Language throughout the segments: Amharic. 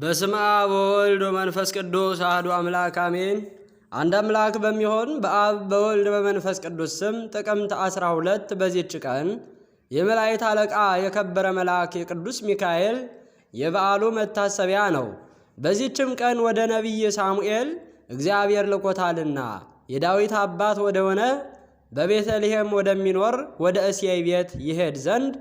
በስመ አብ ወወልድ ወመንፈስ ቅዱስ አህዱ አምላክ አሜን። አንድ አምላክ በሚሆን በአብ በወልድ በመንፈስ ቅዱስ ስም ጥቅምት አስራ ሁለት በዚች ቀን የመላእክት አለቃ የከበረ መልአክ የቅዱስ ሚካኤል የበዓሉ መታሰቢያ ነው። በዚችም ቀን ወደ ነቢይ ሳሙኤል እግዚአብሔር ልኮታልና የዳዊት አባት ወደ ሆነ በቤተልሔም ወደሚኖር ወደ እሴይ ቤት ይሄድ ዘንድ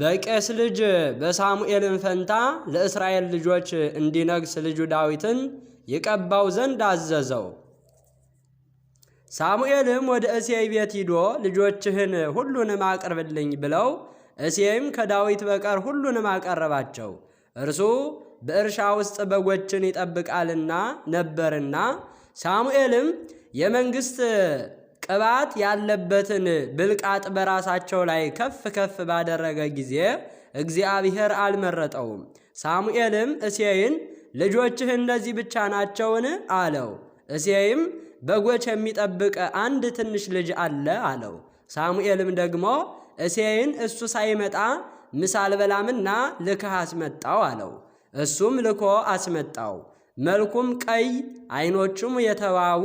በቄስ ልጅ በሳሙኤልን ፈንታ ለእስራኤል ልጆች እንዲነግስ ልጁ ዳዊትን ይቀባው ዘንድ አዘዘው። ሳሙኤልም ወደ እሴይ ቤት ሂዶ ልጆችህን ሁሉንም አቅርብልኝ ብለው፣ እሴይም ከዳዊት በቀር ሁሉንም አቀረባቸው። እርሱ በእርሻ ውስጥ በጎችን ይጠብቃልና ነበርና ሳሙኤልም የመንግሥት ቅባት ያለበትን ብልቃጥ በራሳቸው ላይ ከፍ ከፍ ባደረገ ጊዜ እግዚአብሔር አልመረጠውም። ሳሙኤልም እሴይን ልጆችህ እነዚህ ብቻ ናቸውን? አለው። እሴይም በጎች የሚጠብቅ አንድ ትንሽ ልጅ አለ አለው። ሳሙኤልም ደግሞ እሴይን እሱ ሳይመጣ ምሳ አልበላምና ልክህ አስመጣው አለው። እሱም ልኮ አስመጣው። መልኩም ቀይ፣ ዓይኖቹም የተዋቡ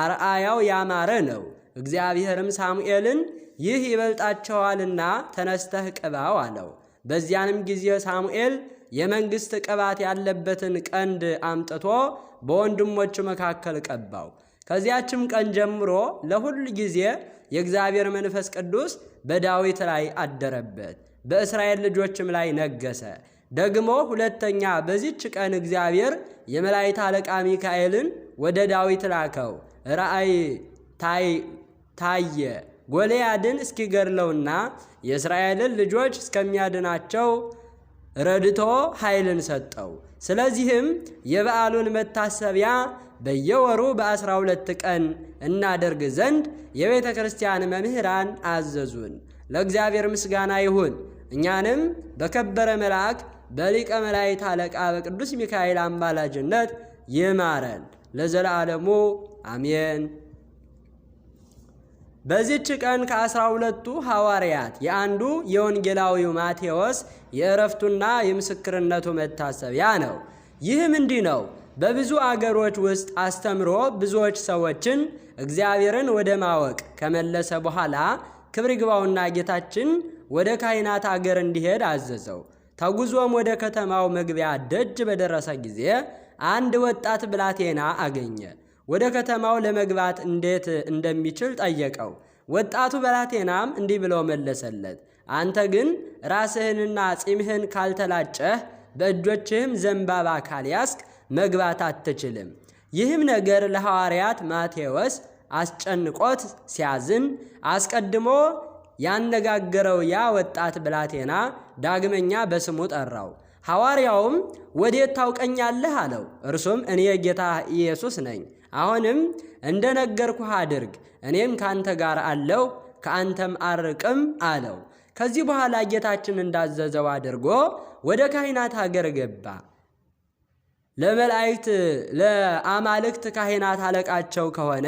አርአያው ያማረ ነው። እግዚአብሔርም ሳሙኤልን ይህ ይበልጣቸዋልና ተነስተህ ቅባው አለው። በዚያንም ጊዜ ሳሙኤል የመንግሥት ቅባት ያለበትን ቀንድ አምጥቶ በወንድሞቹ መካከል ቀባው። ከዚያችም ቀን ጀምሮ ለሁል ጊዜ የእግዚአብሔር መንፈስ ቅዱስ በዳዊት ላይ አደረበት፣ በእስራኤል ልጆችም ላይ ነገሰ። ደግሞ ሁለተኛ በዚች ቀን እግዚአብሔር የመላእክት አለቃ ሚካኤልን ወደ ዳዊት ላከው። ራእይ ታየ ጎልያድን እስኪገድለውና የእስራኤልን ልጆች እስከሚያድናቸው ረድቶ ኃይልን ሰጠው። ስለዚህም የበዓሉን መታሰቢያ በየወሩ በአስራ ሁለት ቀን እናደርግ ዘንድ የቤተ ክርስቲያን መምህራን አዘዙን። ለእግዚአብሔር ምስጋና ይሁን። እኛንም በከበረ መልአክ በሊቀ መላእክት አለቃ በቅዱስ ሚካኤል አማላጅነት ይማረን ለዘላለሙ አሜን። በዚች ቀን ከአስራ ሁለቱ ሐዋርያት የአንዱ የወንጌላዊው ማቴዎስ የእረፍቱና የምስክርነቱ መታሰቢያ ነው። ይህ ምንዲህ ነው? በብዙ አገሮች ውስጥ አስተምሮ ብዙዎች ሰዎችን እግዚአብሔርን ወደ ማወቅ ከመለሰ በኋላ ክብር ይግባውና ጌታችን ወደ ካህናት አገር እንዲሄድ አዘዘው። ተጉዞም ወደ ከተማው መግቢያ ደጅ በደረሰ ጊዜ አንድ ወጣት ብላቴና አገኘ። ወደ ከተማው ለመግባት እንዴት እንደሚችል ጠየቀው። ወጣቱ በላቴናም እንዲህ ብሎ መለሰለት፣ አንተ ግን ራስህንና ጺምህን ካልተላጨህ በእጆችህም ዘንባባ ካልያስክ መግባት አትችልም። ይህም ነገር ለሐዋርያት ማቴዎስ አስጨንቆት ሲያዝን አስቀድሞ ያነጋገረው ያ ወጣት ብላቴና ዳግመኛ በስሙ ጠራው። ሐዋርያውም ወዴት ታውቀኛለህ? አለው። እርሱም እኔ ጌታ ኢየሱስ ነኝ አሁንም እንደነገርኩህ አድርግ፣ እኔም ካንተ ጋር አለው ከአንተም አርቅም አለው። ከዚህ በኋላ ጌታችን እንዳዘዘው አድርጎ ወደ ካህናት ሀገር ገባ። ለመላእክት ለአማልክት ካህናት አለቃቸው ከሆነ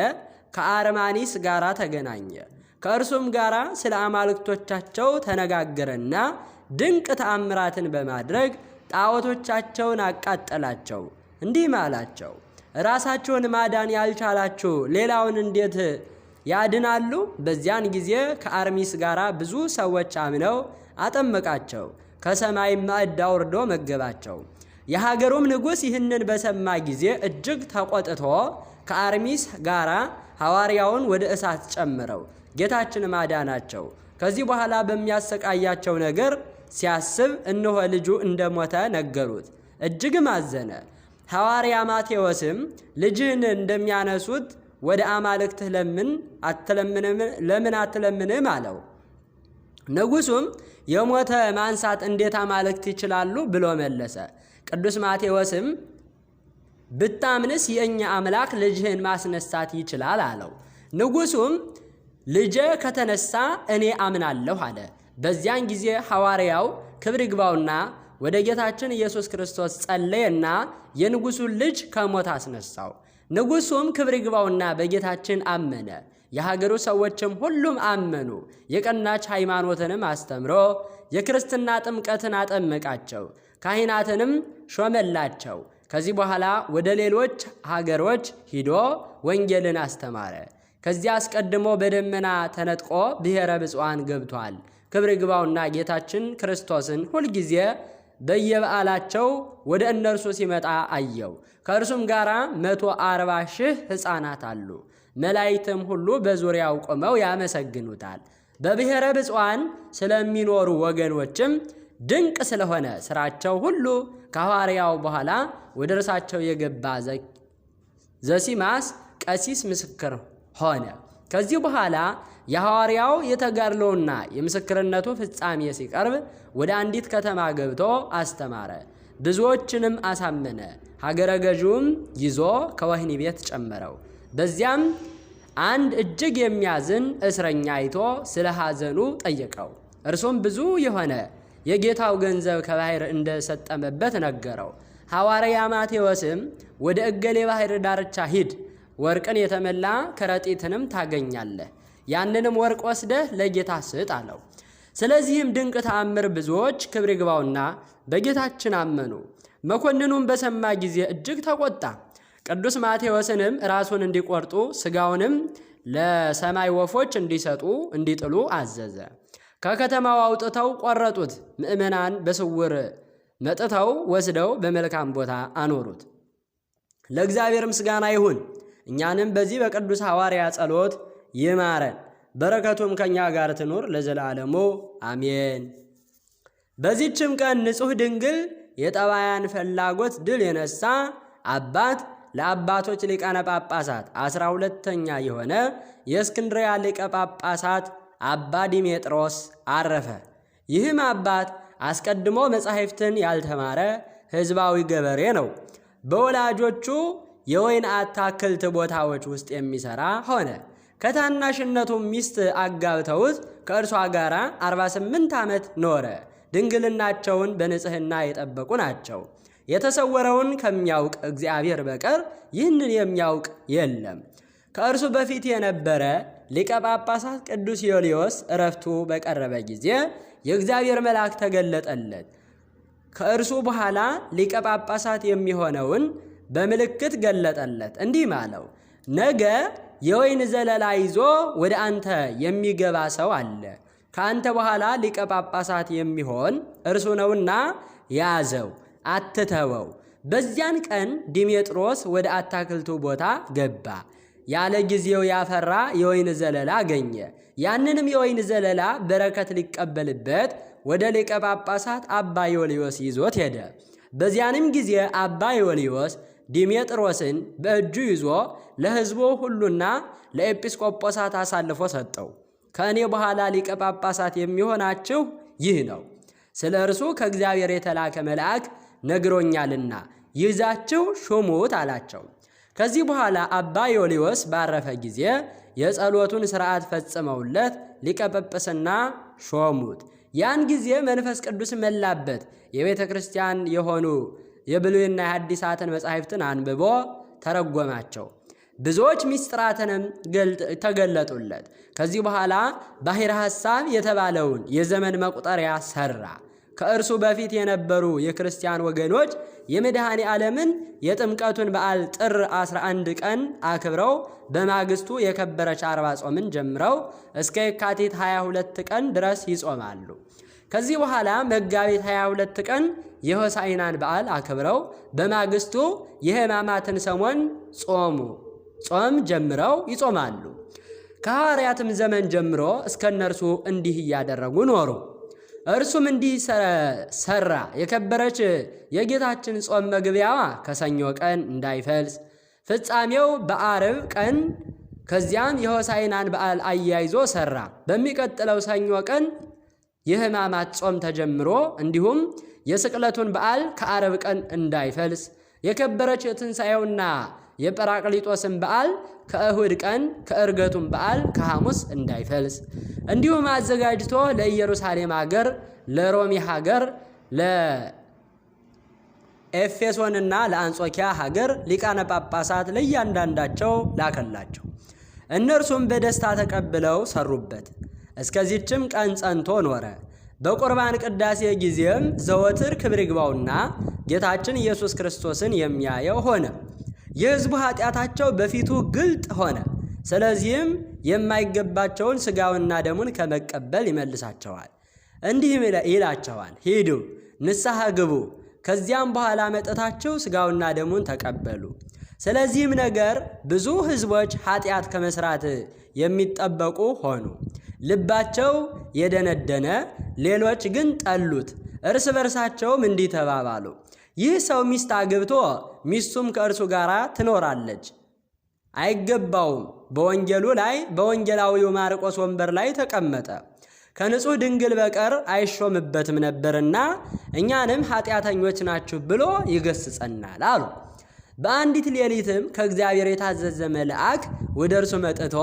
ከአርማኒስ ጋር ተገናኘ። ከእርሱም ጋር ስለ አማልክቶቻቸው ተነጋገረና ድንቅ ተአምራትን በማድረግ ጣዖቶቻቸውን አቃጠላቸው። እንዲህም አላቸው ራሳቸውን ማዳን ያልቻላችሁ ሌላውን እንዴት ያድናሉ? በዚያን ጊዜ ከአርሚስ ጋር ብዙ ሰዎች አምነው አጠመቃቸው። ከሰማይ ማዕድ አውርዶ መገባቸው። የሀገሩም ንጉሥ ይህንን በሰማ ጊዜ እጅግ ተቆጥቶ ከአርሚስ ጋራ ሐዋርያውን ወደ እሳት ጨምረው ጌታችን ማዳናቸው። ከዚህ በኋላ በሚያሰቃያቸው ነገር ሲያስብ እነሆ ልጁ እንደሞተ ነገሩት። እጅግም አዘነ። ሐዋርያ ማቴዎስም ልጅህን እንደሚያነሱት ወደ አማልክትህ ለምን አትለምንም ለምን አትለምንም አለው። ንጉሱም የሞተ ማንሳት እንዴት አማልክት ይችላሉ ብሎ መለሰ። ቅዱስ ማቴዎስም ብታምንስ የእኛ አምላክ ልጅህን ማስነሳት ይችላል አለው። ንጉሱም ልጄ ከተነሳ እኔ አምናለሁ አለ። በዚያን ጊዜ ሐዋርያው ክብር ይግባውና ወደ ጌታችን ኢየሱስ ክርስቶስ ጸለየና የንጉሡን ልጅ ከሞት አስነሳው። ንጉሡም ክብር ይግባውና በጌታችን አመነ። የሀገሩ ሰዎችም ሁሉም አመኑ። የቀናች ሃይማኖትንም አስተምሮ የክርስትና ጥምቀትን አጠመቃቸው። ካህናትንም ሾመላቸው። ከዚህ በኋላ ወደ ሌሎች ሀገሮች ሂዶ ወንጌልን አስተማረ። ከዚያ አስቀድሞ በደመና ተነጥቆ ብሔረ ብፁዓን ገብቷል። ክብር ግባውና ጌታችን ክርስቶስን ሁልጊዜ በየበዓላቸው ወደ እነርሱ ሲመጣ አየው። ከእርሱም ጋር መቶ አርባ ሺህ ሕፃናት አሉ። መላይትም ሁሉ በዙሪያው ቆመው ያመሰግኑታል። በብሔረ ብፁዓን ስለሚኖሩ ወገኖችም ድንቅ ስለሆነ ስራቸው ሁሉ ከሐዋርያው በኋላ ወደ እርሳቸው የገባ ዘሲማስ ቀሲስ ምስክር ሆነ። ከዚህ በኋላ የሐዋርያው የተጋድሎውና የምስክርነቱ ፍጻሜ ሲቀርብ ወደ አንዲት ከተማ ገብቶ አስተማረ፣ ብዙዎችንም አሳመነ። ሀገረ ገዥውም ይዞ ከወህኒ ቤት ጨመረው። በዚያም አንድ እጅግ የሚያዝን እስረኛ አይቶ ስለ ሐዘኑ ጠየቀው። እርሱም ብዙ የሆነ የጌታው ገንዘብ ከባሕር እንደሰጠመበት ነገረው። ሐዋርያ ማቴዎስም ወደ እገሌ ባሕር ዳርቻ ሂድ፣ ወርቅን የተመላ ከረጢትንም ታገኛለህ ያንንም ወርቅ ወስደህ ለጌታ ስጥ አለው። ስለዚህም ድንቅ ተአምር ብዙዎች ክብር ይግባውና በጌታችን አመኑ። መኮንኑም በሰማ ጊዜ እጅግ ተቆጣ። ቅዱስ ማቴዎስንም ራሱን እንዲቆርጡ ስጋውንም ለሰማይ ወፎች እንዲሰጡ እንዲጥሉ አዘዘ። ከከተማው አውጥተው ቆረጡት። ምእመናን በስውር መጥተው ወስደው በመልካም ቦታ አኖሩት። ለእግዚአብሔር ምስጋና ይሁን። እኛንም በዚህ በቅዱስ ሐዋርያ ጸሎት ይማረን። በረከቱም ከእኛ ጋር ትኑር ለዘላለሙ አሜን። በዚችም ቀን ንጹሕ ድንግል የጠባያን ፍላጎት ድል የነሳ አባት ለአባቶች ሊቃነ ጳጳሳት አስራ ሁለተኛ የሆነ የእስክንድሪያ ሊቀ ጳጳሳት አባ ዲሜጥሮስ አረፈ። ይህም አባት አስቀድሞ መጻሕፍትን ያልተማረ ሕዝባዊ ገበሬ ነው። በወላጆቹ የወይን አታክልት ቦታዎች ውስጥ የሚሠራ ሆነ። ከታናሽነቱም ሚስት አጋብተውት ከእርሷ ጋር 48 ዓመት ኖረ። ድንግልናቸውን በንጽህና የጠበቁ ናቸው። የተሰወረውን ከሚያውቅ እግዚአብሔር በቀር ይህንን የሚያውቅ የለም። ከእርሱ በፊት የነበረ ሊቀ ጳጳሳት ቅዱስ ዮልዮስ እረፍቱ በቀረበ ጊዜ የእግዚአብሔር መልአክ ተገለጠለት። ከእርሱ በኋላ ሊቀ ጳጳሳት የሚሆነውን በምልክት ገለጠለት። እንዲህም አለው ነገ የወይን ዘለላ ይዞ ወደ አንተ የሚገባ ሰው አለ፣ ከአንተ በኋላ ሊቀ ጳጳሳት የሚሆን እርሱ ነውና ያዘው፣ አትተወው። በዚያን ቀን ዲሜጥሮስ ወደ አታክልቱ ቦታ ገባ። ያለ ጊዜው ያፈራ የወይን ዘለላ አገኘ። ያንንም የወይን ዘለላ በረከት ሊቀበልበት ወደ ሊቀ ጳጳሳት አባ ዮልዮስ ይዞት ሄደ። በዚያንም ጊዜ አባ ዮልዮስ ዲሜጥሮስን በእጁ ይዞ ለሕዝቡ ሁሉና ለኤጲስቆጶሳት አሳልፎ ሰጠው። ከእኔ በኋላ ሊቀ ጳጳሳት የሚሆናችሁ ይህ ነው፣ ስለ እርሱ ከእግዚአብሔር የተላከ መልአክ ነግሮኛልና ይዛችሁ ሹሙት አላቸው። ከዚህ በኋላ አባ ዮልዮስ ባረፈ ጊዜ የጸሎቱን ሥርዓት ፈጽመውለት ሊቀ ጵጵስና ሾሙት። ያን ጊዜ መንፈስ ቅዱስ መላበት። የቤተ ክርስቲያን የሆኑ የብሉይና የሐዲሳትን መጻሕፍትን አንብቦ ተረጎማቸው። ብዙዎች ሚስጥራትንም ተገለጡለት። ከዚህ በኋላ ባሕረ ሐሳብ የተባለውን የዘመን መቁጠሪያ ሠራ። ከእርሱ በፊት የነበሩ የክርስቲያን ወገኖች የመድኃኔ ዓለምን የጥምቀቱን በዓል ጥር 11 ቀን አክብረው በማግስቱ የከበረች አርባ ጾምን ጀምረው እስከ የካቲት 22 ቀን ድረስ ይጾማሉ። ከዚህ በኋላ መጋቢት 22 ቀን የሆሳይናን በዓል አክብረው በማግስቱ የሕማማትን ሰሞን ጾሙ ጾም ጀምረው ይጾማሉ። ከሐዋርያትም ዘመን ጀምሮ እስከ እነርሱ እንዲህ እያደረጉ ኖሩ። እርሱም እንዲህ ሰራ። የከበረች የጌታችን ጾም መግቢያዋ ከሰኞ ቀን እንዳይፈልስ ፍጻሜው በአርብ ቀን ከዚያም የሆሳይናን በዓል አያይዞ ሰራ። በሚቀጥለው ሰኞ ቀን የሕማማት ጾም ተጀምሮ እንዲሁም የስቅለቱን በዓል ከአረብ ቀን እንዳይፈልስ የከበረች የትንሣኤውና የጰራቅሊጦስን በዓል ከእሁድ ቀን ከእርገቱን በዓል ከሐሙስ እንዳይፈልስ እንዲሁም አዘጋጅቶ ለኢየሩሳሌም ሀገር፣ ለሮሚ ሀገር፣ ለኤፌሶንና ለአንጾኪያ ሀገር ሊቃነ ጳጳሳት ለእያንዳንዳቸው ላከላቸው። እነርሱም በደስታ ተቀብለው ሰሩበት። እስከዚችም ቀን ጸንቶ ኖረ። በቁርባን ቅዳሴ ጊዜም ዘወትር ክብር ይግባውና ጌታችን ኢየሱስ ክርስቶስን የሚያየው ሆነ። የሕዝቡ ኃጢአታቸው በፊቱ ግልጥ ሆነ። ስለዚህም የማይገባቸውን ስጋውና ደሙን ከመቀበል ይመልሳቸዋል። እንዲህም ይላቸዋል፣ ሂዱ ንስሐ ግቡ፣ ከዚያም በኋላ መጠታችሁ ሥጋውና ደሙን ተቀበሉ። ስለዚህም ነገር ብዙ ሕዝቦች ኃጢአት ከመሥራት የሚጠበቁ ሆኑ። ልባቸው የደነደነ ሌሎች ግን ጠሉት። እርስ በርሳቸውም እንዲህ ተባባሉ፣ ይህ ሰው ሚስት አግብቶ ሚስቱም ከእርሱ ጋር ትኖራለች፣ አይገባውም። በወንጌሉ ላይ በወንጌላዊው ማርቆስ ወንበር ላይ ተቀመጠ፣ ከንጹሕ ድንግል በቀር አይሾምበትም ነበርና እኛንም ኃጢአተኞች ናችሁ ብሎ ይገስጸናል አሉ። በአንዲት ሌሊትም ከእግዚአብሔር የታዘዘ መልአክ ወደ እርሱ መጥቶ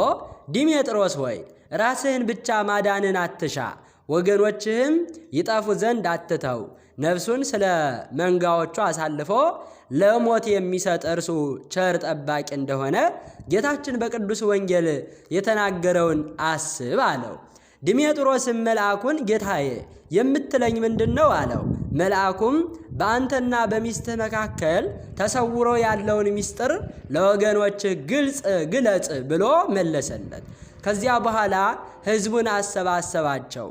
ዲሜጥሮስ ሆይ ራስህን ብቻ ማዳንን አትሻ፣ ወገኖችህም ይጠፉ ዘንድ አትተው። ነፍሱን ስለ መንጋዎቹ አሳልፎ ለሞት የሚሰጥ እርሱ ቸር ጠባቂ እንደሆነ ጌታችን በቅዱስ ወንጌል የተናገረውን አስብ አለው። ድሜጥሮስም መልአኩን ጌታዬ የምትለኝ ምንድን ነው አለው። መልአኩም በአንተና በሚስትህ መካከል ተሰውሮ ያለውን ሚስጥር ለወገኖችህ ግልጽ ግለጽ ብሎ መለሰለት። ከዚያ በኋላ ህዝቡን አሰባሰባቸው።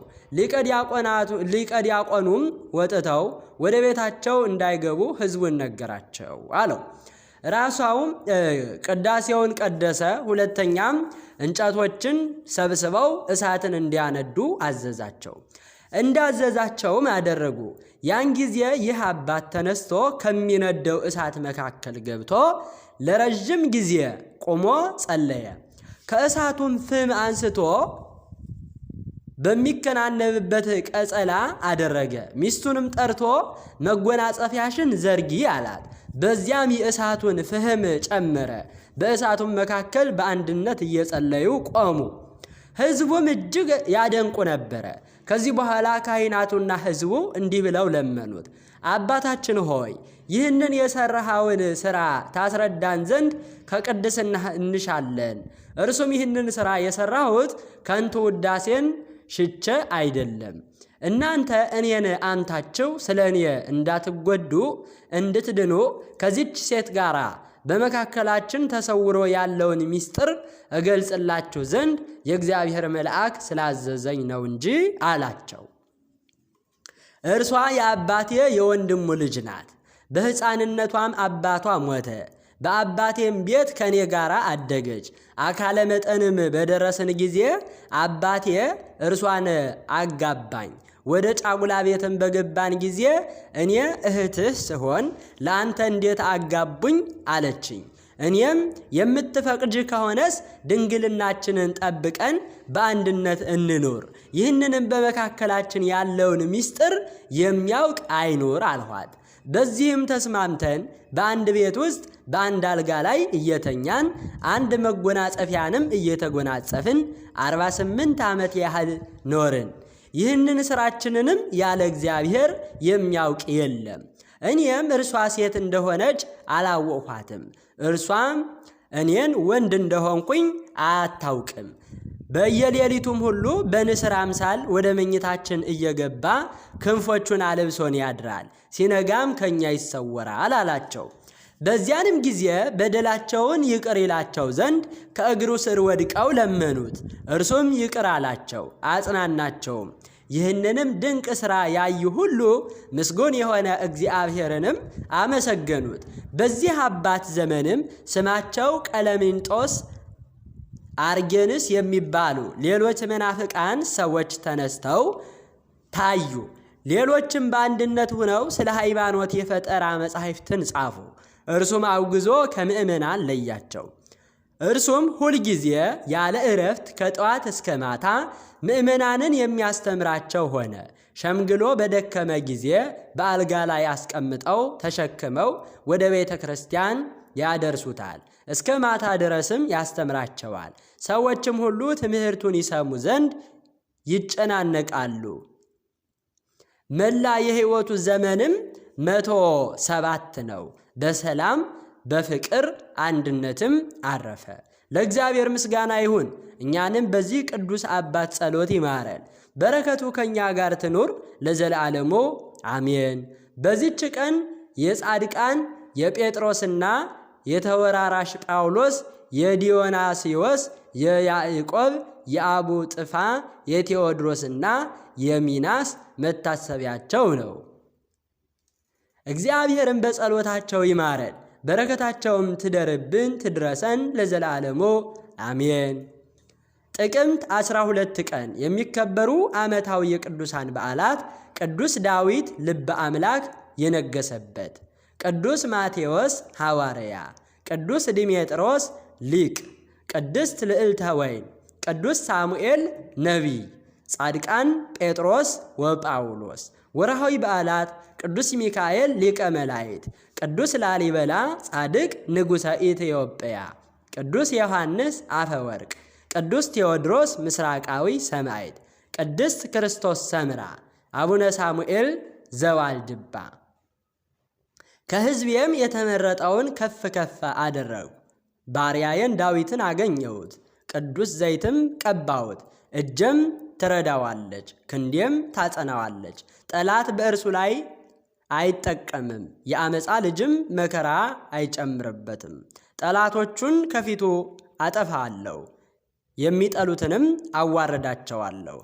ሊቀ ዲያቆኑም ወጥተው ወደ ቤታቸው እንዳይገቡ ህዝቡን ነገራቸው አለው። ራሷውም ቅዳሴውን ቀደሰ። ሁለተኛም እንጨቶችን ሰብስበው እሳትን እንዲያነዱ አዘዛቸው። እንዳዘዛቸውም አደረጉ። ያን ጊዜ ይህ አባት ተነስቶ ከሚነደው እሳት መካከል ገብቶ ለረዥም ጊዜ ቆሞ ጸለየ። ከእሳቱም ፍም አንስቶ በሚከናነብበት ቀጸላ አደረገ። ሚስቱንም ጠርቶ መጎናጸፊያሽን ዘርጊ አላት። በዚያም የእሳቱን ፍህም ጨመረ። በእሳቱም መካከል በአንድነት እየጸለዩ ቆሙ። ሕዝቡም እጅግ ያደንቁ ነበረ። ከዚህ በኋላ ካህናቱና ሕዝቡ እንዲህ ብለው ለመኑት፣ አባታችን ሆይ ይህንን የሰራኸውን ስራ ታስረዳን ዘንድ ከቅድስና እንሻለን። እርሱም ይህንን ስራ የሰራሁት ከንቱ ውዳሴን ሽቸ አይደለም፣ እናንተ እኔን አምታችሁ ስለ እኔ እንዳትጎዱ እንድትድኑ ከዚች ሴት ጋር በመካከላችን ተሰውሮ ያለውን ምስጢር እገልጽላችሁ ዘንድ የእግዚአብሔር መልአክ ስላዘዘኝ ነው እንጂ አላቸው። እርሷ የአባቴ የወንድሙ ልጅ ናት። በሕፃንነቷም አባቷ ሞተ። በአባቴም ቤት ከኔ ጋር አደገች። አካለ መጠንም በደረስን ጊዜ አባቴ እርሷን አጋባኝ። ወደ ጫጉላ ቤትም በገባን ጊዜ እኔ እህትህ ስሆን ለአንተ እንዴት አጋቡኝ አለችኝ። እኔም የምትፈቅጅ ከሆነስ ድንግልናችንን ጠብቀን በአንድነት እንኖር፣ ይህንንም በመካከላችን ያለውን ምስጢር የሚያውቅ አይኖር አልኋት። በዚህም ተስማምተን በአንድ ቤት ውስጥ በአንድ አልጋ ላይ እየተኛን አንድ መጎናጸፊያንም እየተጎናጸፍን 48 ዓመት ያህል ኖርን። ይህንን ስራችንንም ያለ እግዚአብሔር የሚያውቅ የለም። እኔም እርሷ ሴት እንደሆነች አላወቅኋትም፣ እርሷም እኔን ወንድ እንደሆንኩኝ አታውቅም። በየሌሊቱም ሁሉ በንስር አምሳል ወደ መኝታችን እየገባ ክንፎቹን አለብሶን ያድራል፣ ሲነጋም ከእኛ ይሰወራል አላቸው። በዚያንም ጊዜ በደላቸውን ይቅር ይላቸው ዘንድ ከእግሩ ስር ወድቀው ለመኑት። እርሱም ይቅር አላቸው፣ አጽናናቸውም። ይህንንም ድንቅ ሥራ ያዩ ሁሉ ምስጉን የሆነ እግዚአብሔርንም አመሰገኑት። በዚህ አባት ዘመንም ስማቸው ቀለሚንጦስ አርጌንስ የሚባሉ ሌሎች መናፍቃን ሰዎች ተነስተው ታዩ። ሌሎችም በአንድነት ሆነው ስለ ሃይማኖት የፈጠራ መጻሕፍትን ጻፉ። እርሱም አውግዞ ከምእመናን ለያቸው። እርሱም ሁልጊዜ ያለ ዕረፍት ከጠዋት እስከ ማታ ምእመናንን የሚያስተምራቸው ሆነ። ሸምግሎ በደከመ ጊዜ በአልጋ ላይ አስቀምጠው ተሸክመው ወደ ቤተ ክርስቲያን ያደርሱታል። እስከ ማታ ድረስም ያስተምራቸዋል። ሰዎችም ሁሉ ትምህርቱን ይሰሙ ዘንድ ይጨናነቃሉ። መላ የሕይወቱ ዘመንም መቶ ሰባት ነው። በሰላም በፍቅር አንድነትም አረፈ። ለእግዚአብሔር ምስጋና ይሁን። እኛንም በዚህ ቅዱስ አባት ጸሎት ይማረን። በረከቱ ከእኛ ጋር ትኑር ለዘላለሙ አሜን። በዚች ቀን የጻድቃን የጴጥሮስና የተወራራሽ ጳውሎስ፣ የዲዮናስዮስ፣ የያዕቆብ፣ የአቡ ጥፋ፣ የቴዎድሮስና የሚናስ መታሰቢያቸው ነው። እግዚአብሔርን በጸሎታቸው ይማረን፣ በረከታቸውም ትደርብን ትድረሰን ለዘላለሙ አሜን። ጥቅምት 12 ቀን የሚከበሩ ዓመታዊ የቅዱሳን በዓላት ቅዱስ ዳዊት ልበ አምላክ የነገሰበት ቅዱስ ማቴዎስ ሐዋርያ፣ ቅዱስ ዲሜጥሮስ ሊቅ፣ ቅድስት ልዕልተ ወይን፣ ቅዱስ ሳሙኤል ነቢይ፣ ጻድቃን ጴጥሮስ ወጳውሎስ። ወርሃዊ በዓላት ቅዱስ ሚካኤል ሊቀ መላእክት፣ ቅዱስ ላሊበላ ጻድቅ ንጉሠ ኢትዮጵያ፣ ቅዱስ ዮሐንስ አፈወርቅ፣ ቅዱስ ቴዎድሮስ ምስራቃዊ ሰማዕት፣ ቅድስት ክርስቶስ ሰምራ፣ አቡነ ሳሙኤል ዘዋልድባ ከሕዝቤም የተመረጠውን ከፍ ከፍ አደረግሁ። ባሪያዬን ዳዊትን አገኘሁት፣ ቅዱስ ዘይትም ቀባሁት። እጄም ትረዳዋለች፣ ክንዴም ታጸናዋለች። ጠላት በእርሱ ላይ አይጠቀምም፣ የአመፃ ልጅም መከራ አይጨምርበትም። ጠላቶቹን ከፊቱ አጠፋለሁ፣ የሚጠሉትንም አዋርዳቸዋለሁ።